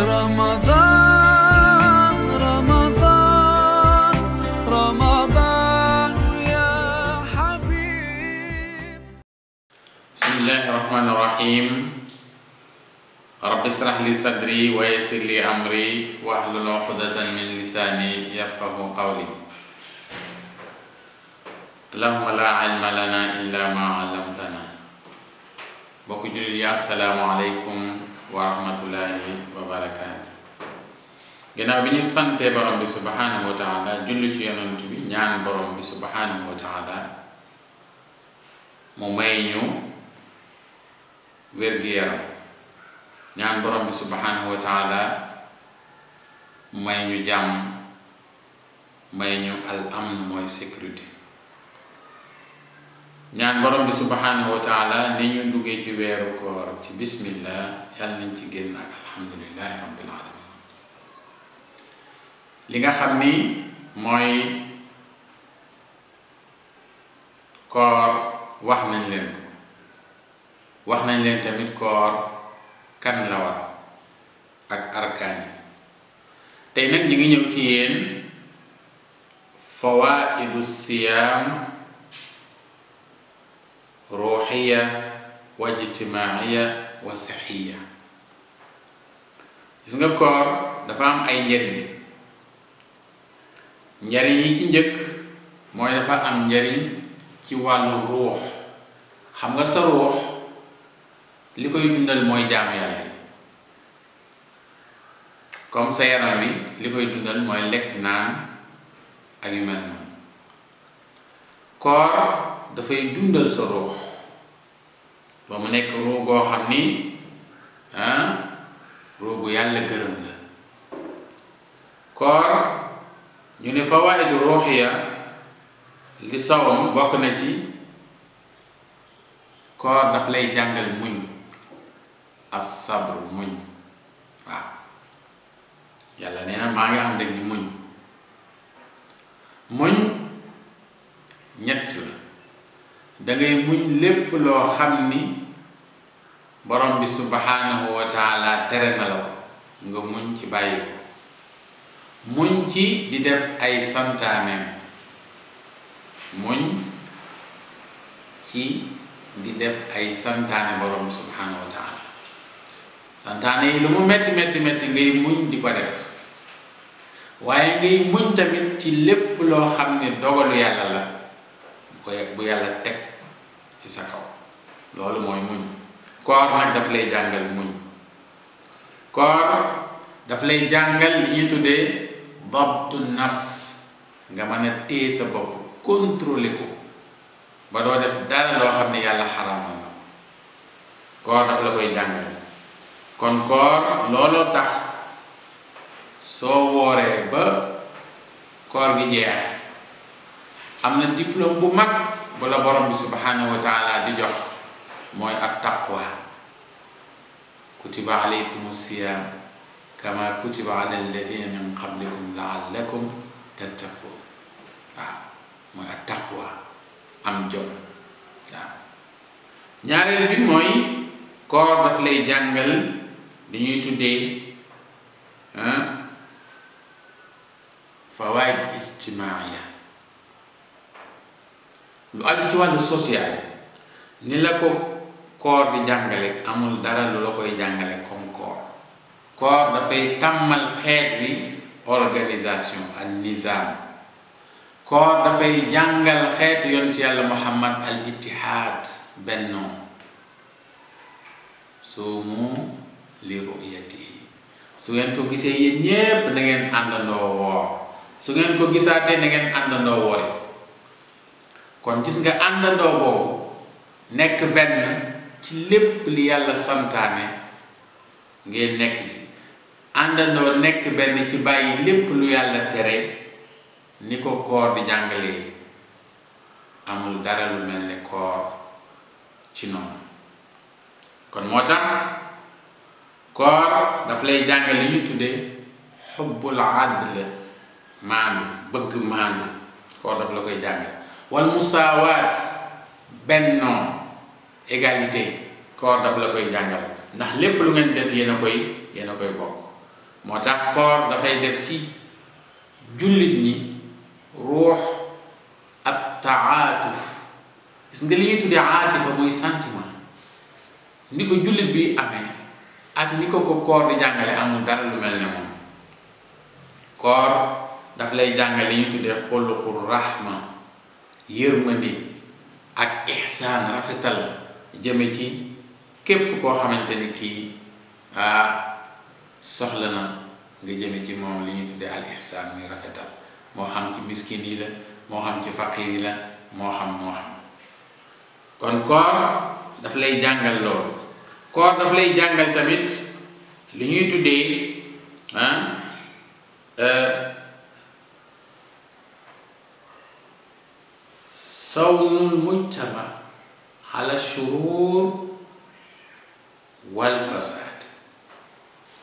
رمضان رمضان رمضان يا حبيب بسم الله الرحمن الرحيم رب اشرح لي صدري ويسر لي امري واحلل عقدة من لساني يفقه قولي اللهم لا علم لنا الا ما علمتنا بوك جولي السلام عليكم wa rahmatullahi wa bi ñu santee borom bi subhanahu wa taala julli bi ñaan borom bi subhanahu wa taala mu may ñu wér-gu-yaram ñaan borom bi subhanahu wa may ñu jàmm may ñu al mooy sécurité ñaan boroom bi subhanahu wa taala ni ñu duggee ci weeru koor ci bismillah yàlla nañ ci génn ak alhamdulilahi rabbil alamin li nga xam ni mooy koor wax nañ leen ko wax nañ leen tamit koor kan la war ak arkaan yi tey nag ñu ngi ñëw ci yéen siyaam ruuxiya wa ijtimaaciya gis nga koor dafa am ay njariñ njariñ yi ci njëkk mooy dafa am njariñ ci wàllu ruux xam nga sa ruux li koy dundal mooy jaamu yàlla yi comme sa yaram wi li koy dundal mooy lekk naan ak yu mel noonu koor dafay dundal sa ruux ba mu nekk ruux goo xam ni ah ruux yàlla gërëm la koor ñu ne fawaid ruuxiya li sawam bokk na ci koor daf lay jàngal muñ as-sabr muñ waaw yàlla nee na maa ngi am dëgg muñ muñ da muñ lépp loo xam ni borom bi subhanahu wa tere na la ko nga muñ ci bàyyi ko muñ ci di def ay santaaneem muñ ci di def ay santaane borom bi subhanahu wa santaane yi lu mu metti metti metti ngay muñ di ko def waaye ngay muñ tamit ci lépp loo xam ne dogalu yàlla la bu ko bu sa kaw loolu mooy muñ koor nag daf lay jàngal muñ koor daf lay jàngal li ñuy tuddee dabtu nafs nga mën a téye sa bopp contrôler ko ba doo def dara loo xam ne yàlla xaraamal ko koor daf la koy jàngal kon koor looloo tax soo wooree ba koor gi jeex am na diplôme bu mag bu la borom bi subhanahu wa di jox mooy ak taqwa kutiba alaykum siyam kama kutiba ala alladina min qablikum laallakum tattaqun waaw mooy ak taqwa am jom waaw ñaareel bi mooy koor daf lay jàngal li ñuy tuddee fawaid ijtimaiya lu aju ci wàllu social ni la ko koor bi jàngale amul dara lu la koy jàngale comme koor koor dafay tàmmal xeet wi organisation al nizaam koor dafay jàngal xeet yoon ci yàlla muhammad al ittihaad bennoo suumu li yi su ngeen ko gisee yéen ñépp na ngeen àndandoo woor su ngeen ko gisaatee na ngeen àndandoo woore kon gis nga àndandoo boobu nekk benn ci lépp li yàlla santaane ngeen nekk ci àndandoo nekk benn ci bàyyi lépp lu yàlla tere ni ko koor di jàngale amul dara lu mel ni koor ci noonu kon moo tax koor daf lay jàngale li ñu tuddee xubbul adl maanu bëgg maanu koor daf la koy jàngal wal musaawaat bennoo égalité koor dafa la koy jàngal ndax lépp lu ngeen def yéen koy yenn koy bokk moo tax koor dafay def ci jullit ñi ruux ak taatuf gis nga li ñuy tuddee muy sentiment ni ko jullit bi amee ak ni ko ko koor di jàngale na dara lu mel ne moom koor daf lay jàngale li ñuy tuddee rahma yërmande ak ihsaan rafetal jëme ci képp koo xamante ni kii soxla na nga jëme ci moom li ñuy tuddee al ihsaan muy rafetal moo xam ci miskin yi la moo xam ci faqir yi la moo xam moo xam kon koor daf lay jàngal loolu koor daf lay jàngal tamit li ñuy tuddee ah صون المجتمع على الشرور والفساد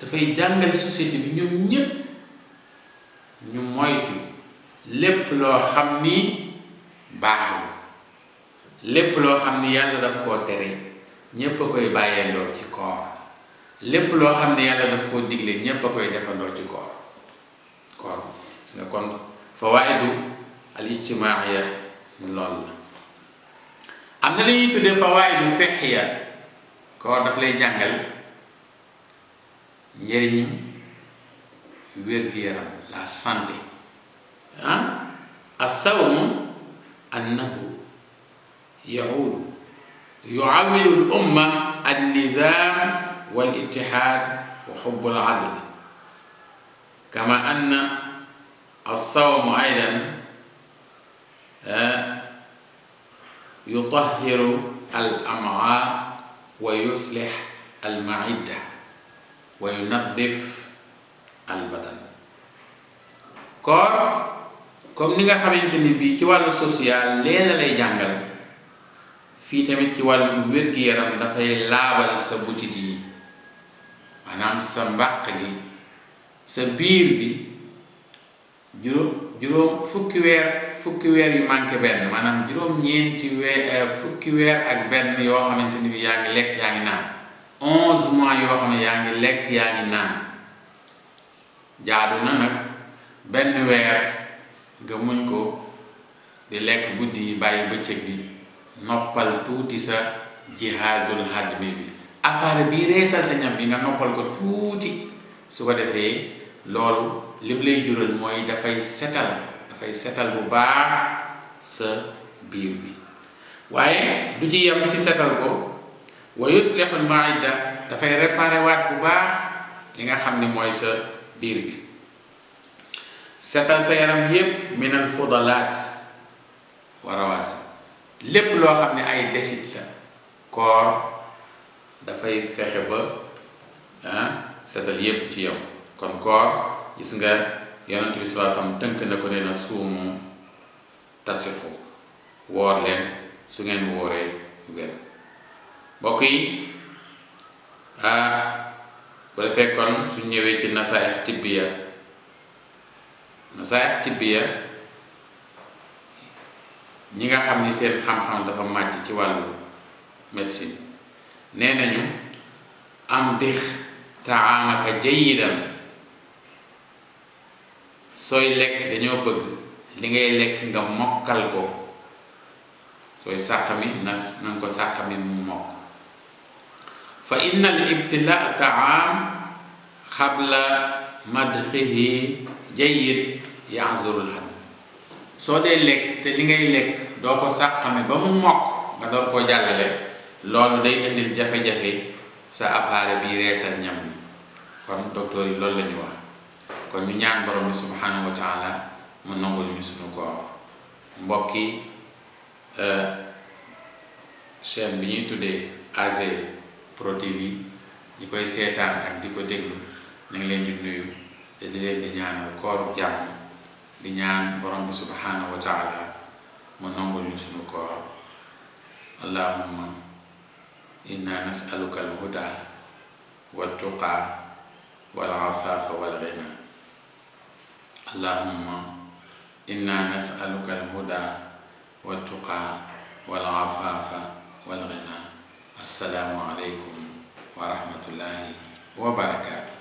dafay jàngal société bi ñoom ñépp ñu moytu lépp loo xam ni baaxul lépp loo xam ni yàlla daf koo tere ñépp a koy bàyyeendoo ci koor lépp loo xam ne yàlla daf koo digle ñépp a koy defandoo ci koor koor gis nga kon fawaidu al ijtimaaiya lool la am na li ñuy tuddee fawaayidu sexiya koor daf lay jàngal njëriñu wér-gu-yaram la santé ah assawmu annahu yaudu yuawilu l umma an nizam wal ittihad wa xubbul adl kama anna assawmu aydan Eh, yutahiru al amaa wa yuslix al wa yunadif al badan koor comme ni nga xamante ni bii ci wàllu social leena lay jàngal fii tamit ci wàllu wér-gi-yaram dafay laabal sa butit yi maanaam sa mbàq gi sa biir bi juróom juróom fukki weer fukki weer yu manqué benn maanaam juróom-ñeenti weer euh, fukki weer ak benn yoo xamante ni bi yaa ngi lekk yaa ngi naan onze mois yoo xam ne yaa ngi lekk yaa ngi naan jaadu na nag benn weer nga muñ ko di lekk guddi yi bàyyi bëccëg bi noppal tuuti sa jihaasul hajj bi bi appareil bii reesal sa ñam bi nga noppal ko tuuti su ko defee loolu lim lay jural mooy dafay setal dafay setal bu baax sa biir bi waaye du ci yem ci setal ko wa yuslihul maida dafay réparé bu baax li nga xam ni mooy sa biir bi setal sa yaram yépp minal fudalaat wa rawaas lépp loo xam ni ay desit la koor dafay fexe ba ah setal yépp ci yow kon koor gis nga yonent bi sallallahu tënk na ko nee na suumu tasifu woor leen su ngeen wooree wér mbokk yi ah bu defee kon su ñëwee ci nasaayax tibbiya nasaayax tibbiya ñi nga xam ni seen xam-xam dafa màcc ci wàllu médecine nee nañu am dix taamaka jayidan sooy lekk dañoo bëgg li ngay lekk nga mokkal ko sooy sàqami na na nga ko sàqami mu mokk fa inna al ibtila taam xabla madxihi jayid yaazurul xad soo dee lekk te li ngay lekk doo ko sàqami ba mu mokk nga door koo jàllale loolu day indil jafe-jafe sa appareil bi reesal ñam kon docteur yi loolu la ñu wax kon ñu ñaan borom bi subhanahu wa taala mu nangul ñu suñu koor mbokki euh, chaîne bi ñuy tuddee AG Pro TV ñi koy seetaan ak di ko déglu ñu ngi leen di nuyu te di leen di ñaanal kooru jàmm di ñaan borom bi subhanahu wa taala mu nangul ñu suñu koor allahumma inna nasaluka alhuda wa tuqa wal afafa wal ghina allahumma inna nasaluka alhuda wa tuqa wal afaafa wal ghina assalaamu aleykum wa rahmatullahi wa barakaatu